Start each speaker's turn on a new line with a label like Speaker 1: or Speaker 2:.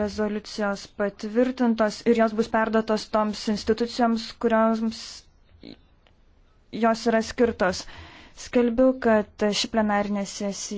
Speaker 1: rezoliucijos patvirtintos ir jos bus perdotos toms institucijoms, kurioms jos yra skirtos. Skelbiu, kad
Speaker 2: ši plenarinė sesija.